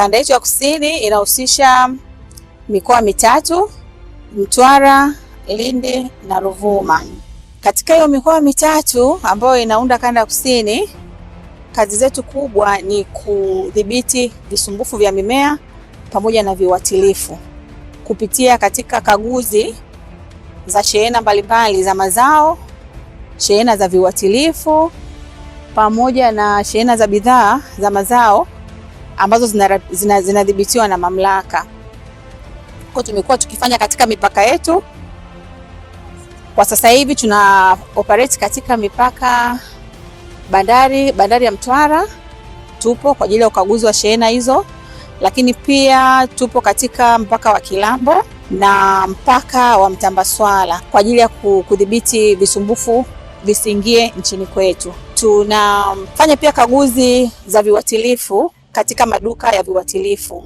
Kanda yetu ya kusini inahusisha mikoa mitatu Mtwara, Lindi na Ruvuma. Katika hiyo mikoa mitatu ambayo inaunda kanda ya kusini, kazi zetu kubwa ni kudhibiti visumbufu vya mimea pamoja na viuatilifu kupitia katika kaguzi za shehena mbalimbali za mazao, shehena za viuatilifu pamoja na shehena za bidhaa za mazao ambazo zinadhibitiwa zina, zina na mamlaka. Kwa tumekuwa tukifanya katika mipaka yetu. Kwa sasa hivi tuna operate katika mipaka bandari, bandari ya Mtwara tupo kwa ajili ya ukaguzi wa shehena hizo, lakini pia tupo katika mpaka wa Kilambo na mpaka wa Mtambaswala kwa ajili ya kudhibiti visumbufu visiingie nchini kwetu. Tunafanya pia kaguzi za viwatilifu katika maduka ya viuatilifu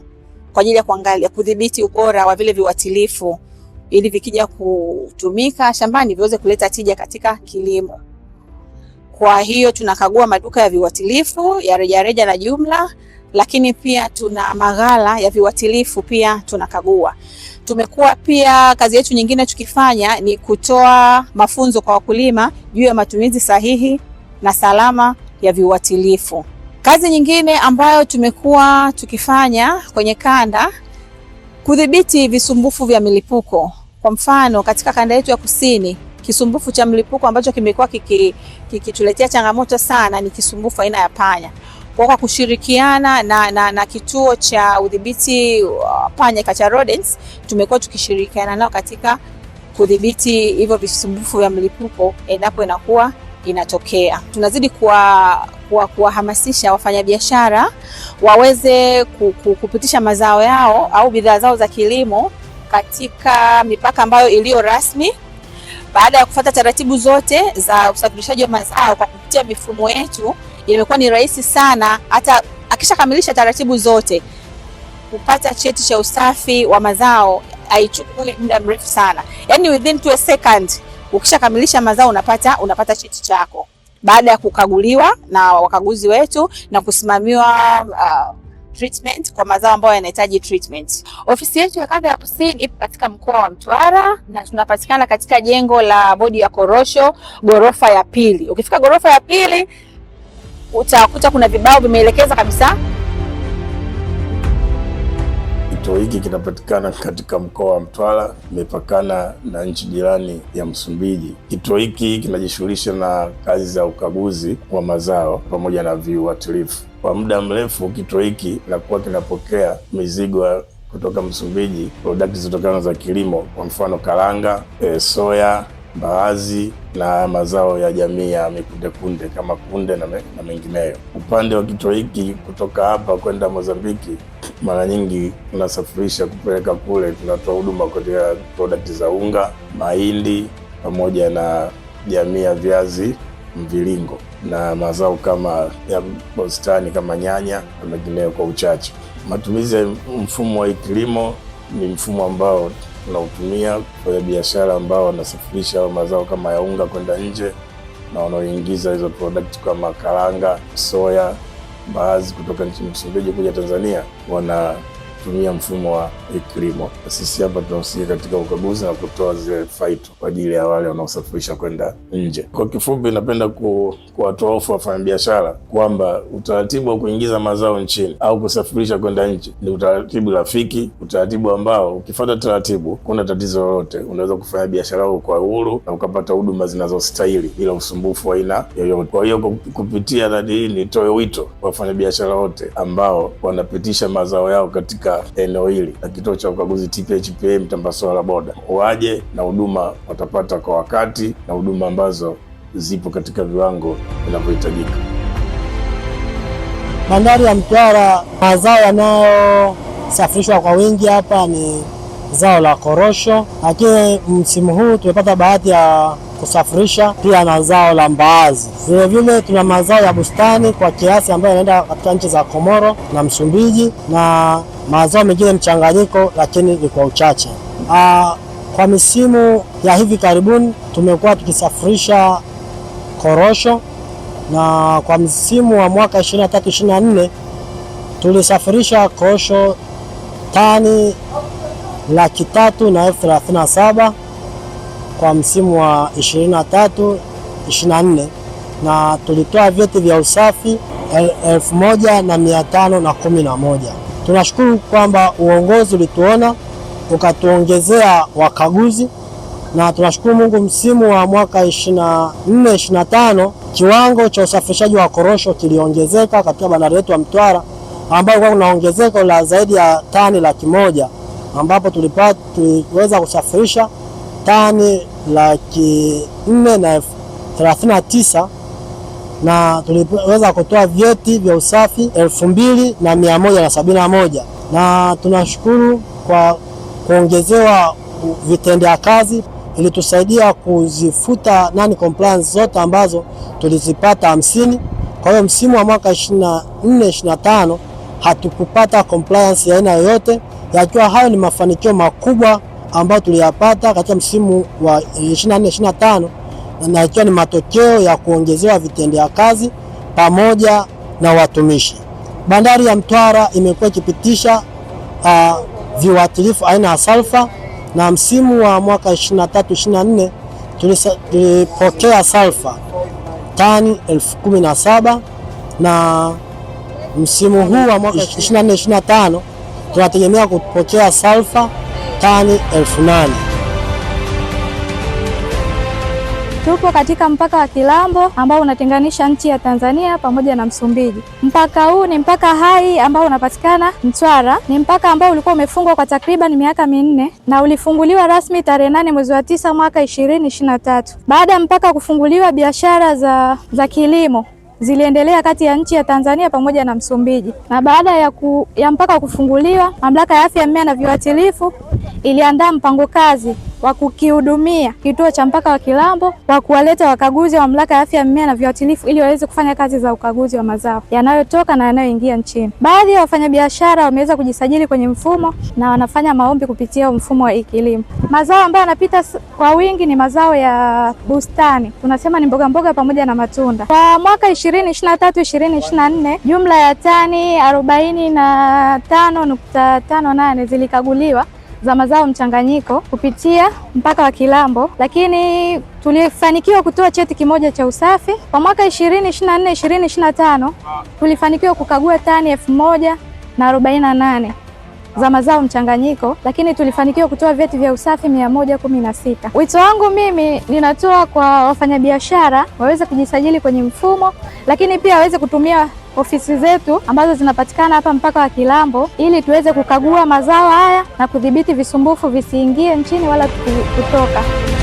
kwa ajili ya kuangalia, kudhibiti ubora wa vile viuatilifu ili vikija kutumika shambani viweze kuleta tija katika kilimo. Kwa hiyo tunakagua maduka ya viuatilifu ya rejareja na jumla, lakini pia tuna maghala ya viuatilifu pia tunakagua. Tumekuwa pia kazi yetu nyingine tukifanya ni kutoa mafunzo kwa wakulima juu ya matumizi sahihi na salama ya viuatilifu. Kazi nyingine ambayo tumekuwa tukifanya kwenye kanda, kudhibiti visumbufu vya milipuko. Kwa mfano, katika kanda yetu ya kusini, kisumbufu cha mlipuko ambacho kimekuwa kikituletea kiki changamoto sana ni kisumbufu aina ya panya. Kwa kushirikiana na, na, na kituo cha udhibiti panya Kata Rodents, tumekuwa tukishirikiana nao katika kudhibiti hivyo visumbufu vya mlipuko endapo inakuwa inatokea. Tunazidi kuwa wa kuwahamasisha wafanyabiashara waweze kupitisha mazao yao au bidhaa zao za kilimo katika mipaka ambayo iliyo rasmi baada ya kufata taratibu zote za usafirishaji wa mazao kwa kupitia mifumo yetu, imekuwa ni rahisi sana, hata akishakamilisha taratibu zote kupata cheti cha usafi wa mazao haichukui muda mrefu sana, yani within 2 second ukishakamilisha mazao unapata unapata cheti chako baada ya kukaguliwa na wakaguzi wetu na kusimamiwa uh, treatment kwa mazao ambayo yanahitaji treatment. Ofisi yetu ya kanda ya kusini ipo katika mkoa wa Mtwara na tunapatikana katika jengo la bodi ya korosho ghorofa ya pili. Ukifika ghorofa ya pili utakuta kuna vibao vimeelekeza kabisa Kituo hiki kinapatikana katika mkoa wa Mtwara, imepakana na nchi jirani ya Msumbiji. Kituo hiki kinajishughulisha na kazi za ukaguzi wa mazao pamoja na viuatilifu. Kwa muda mrefu, kituo hiki kinakuwa kinapokea mizigo kutoka Msumbiji, produkti zitokana za kilimo, kwa mfano karanga, e, soya, mbaazi na mazao ya jamii ya mikundekunde kama kunde na mengineyo. Upande wa kituo hiki kutoka hapa kwenda Mozambiki mara nyingi tunasafirisha kupeleka kule, tunatoa huduma katika product za unga, mahindi pamoja na jamii ya viazi mviringo na mazao kama ya bustani kama nyanya na mengineyo kwa uchache. Matumizi ya mfumo wa kilimo ni mfumo ambao tunautumia kwa biashara ambao wanasafirisha mazao kama ya unga kwenda nje na wanaoingiza hizo product kama karanga, soya baadhi kutoka nchini Msumbiji kuja Tanzania wana kutumia mfumo wa kilimo. Sisi hapa tunahusika katika ukaguzi na kutoa zile faito kwa ajili ya wale wanaosafirisha kwenda nje. Kwa kifupi, napenda kuwatoa hofu wafanyabiashara kwamba utaratibu wa kuingiza mazao nchini au kusafirisha kwenda nje ni utaratibu rafiki, utaratibu ambao ukifata taratibu, kuna tatizo lolote, unaweza kufanya biashara yako kwa uhuru na ukapata huduma zinazostahili bila usumbufu wa aina yoyote. Kwa hiyo kupitia hii, nitoe wito wafanyabiashara wote ambao wanapitisha mazao yao katika eneo hili na kituo cha ukaguzi TPHPA Mtambaswala boda, waje na huduma watapata kwa wakati na huduma ambazo zipo katika viwango vinavyohitajika. Bandari ya Mtwara, mazao yanayosafirishwa kwa wingi hapa ni zao la korosho, lakini msimu huu tumepata bahati ya kusafirisha pia na zao la mbaazi. Vilevile tuna mazao ya bustani kwa kiasi ambayo yanaenda katika nchi za Komoro na Msumbiji na Mazao mengine mchanganyiko, lakini ni kwa uchache. Aa, ah, kwa misimu ya hivi karibuni tumekuwa tukisafirisha korosho na kwa msimu wa mwaka 23 24 tulisafirisha korosho tani laki tatu na elfu thelathini na saba kwa msimu wa 23 24 na tulitoa vyeti vya usafi elfu moja na mia tano na kumi na moja. Tunashukuru kwamba uongozi ulituona ukatuongezea wakaguzi na tunashukuru Mungu, msimu wa mwaka 24 25 kiwango cha usafirishaji wa korosho kiliongezeka katika bandari yetu ya Mtwara, ambapo kwa kuna ongezeko la zaidi ya tani laki moja ambapo tulipata tuliweza kusafirisha tani laki nne na elfu thelathini na tisa na tuliweza kutoa vyeti vya usafi elfu mbili na mia moja na sabini na moja na tunashukuru kwa kuongezewa vitendea kazi ilitusaidia kuzifuta nani compliance zote ambazo tulizipata hamsini. Kwa hiyo msimu wa mwaka 24 25 hatukupata compliance ya aina yoyote. Yakiwa hayo ni mafanikio makubwa ambayo tuliyapata katika msimu wa 24 25 na ikiwa ni matokeo ya kuongezewa vitendea kazi pamoja na watumishi. Bandari ya Mtwara imekuwa ikipitisha uh, viuatilifu aina ya salfa na msimu wa mwaka 23 24 tulipokea salfa tani elfu na msimu huu wa mwaka 24 25 tunategemea kupokea salfa tani elfu Tupo katika mpaka wa Kilambo ambao unatenganisha nchi ya Tanzania pamoja na Msumbiji. Mpaka huu ni mpaka hai ambao unapatikana Mtwara. Ni mpaka ambao ulikuwa umefungwa kwa takriban miaka minne na ulifunguliwa rasmi tarehe nane mwezi wa tisa mwaka ishirini ishirini na tatu. Baada ya mpaka kufunguliwa, biashara za, za kilimo ziliendelea kati ya nchi ya Tanzania pamoja na Msumbiji. Na baada ya, ku, ya mpaka kufunguliwa, mamlaka ya afya ya mimea na viuatilifu iliandaa mpango kazi wa kukihudumia kituo cha mpaka wa Kilambo kwa kuwaleta wakaguzi wa mamlaka ya afya ya mimea na viuatilifu ili waweze kufanya kazi za ukaguzi wa mazao yanayotoka na yanayoingia nchini. Baadhi ya wafanyabiashara wameweza kujisajili kwenye mfumo na wanafanya maombi kupitia mfumo wa ikilimo. Mazao ambayo yanapita kwa wingi ni mazao ya bustani, tunasema ni mboga mboga pamoja na matunda. Kwa mwaka 2023 2024 jumla ya tani arobaini na tano zilikaguliwa za mazao mchanganyiko kupitia mpaka wa Kilambo, lakini tulifanikiwa kutoa cheti kimoja cha usafi kwa mwaka 2024 2025 tulifanikiwa kukagua tani elfu moja na arobaini na nane za mazao mchanganyiko, lakini tulifanikiwa kutoa vyeti vya usafi mia moja kumi na sita. Wito wangu mimi ninatoa kwa wafanyabiashara waweze kujisajili kwenye mfumo, lakini pia waweze kutumia ofisi zetu ambazo zinapatikana hapa mpaka wa Kilambo ili tuweze kukagua mazao haya na kudhibiti visumbufu visiingie nchini wala kutoka.